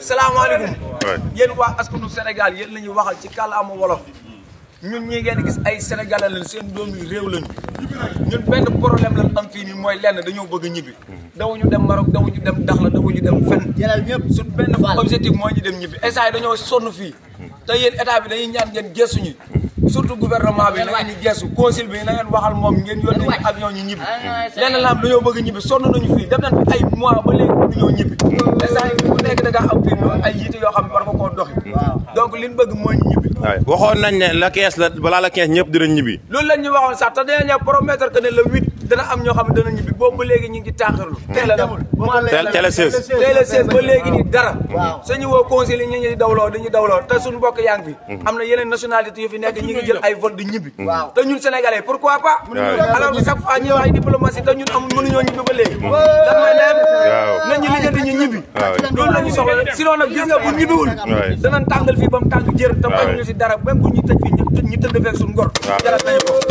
salaamaaleykum. yéen waa askanu Sénégal yéen la ñuy waxal ci kàllaama wolof. ñun ñi ngeen gis ay sénégalais lañ seen doom yu réew lañu ñun benn problème lañ am fii nii mooy lenn dañoo bëgg ñibbi. dawuñu dem Maroc dawuñu dem Daxla dawuñu dem fenn. jëlal ñëpp suñ benn objectif mooy dem ñibbi instant yi dañoo sonn fii. te yéen état bi dañuy ñaan ngeen gëstuñu surtout gouvernement bi na ngeen ñu gëstu conseil bi na ngeen waxal moom ngeen yónni ñu avion ñu ñibbi. lenn la nañu fii def nañ fi ay mois ba léegi mënuñoo ñibbi. instant yi ku nekk da ngaa xam ne war nga koo doxi donc liñ bëgg mooy ñu ñibbi waxoon nañ ne la 15 la balaa la 15 ñëpp dinañ ñibbi loolu lañ ñu waxoon sax te dañ ñu promettre que ne le 8 dana am ñoo xam ne dana ñibbi boobu ba léegi ñu ngi taaxirlu hmm. teel a nag teel a 16 teel a 16 ba léegi ni dara suñu woo conseil ñu hmm. di ñibbi pas la ñu soxla sinon nag gis nga bu ñibbiwul danañ tàngal fii ba mu tàng jër te bañu ñu dara même bu ñu tëj fii ñu ngor jaral nañu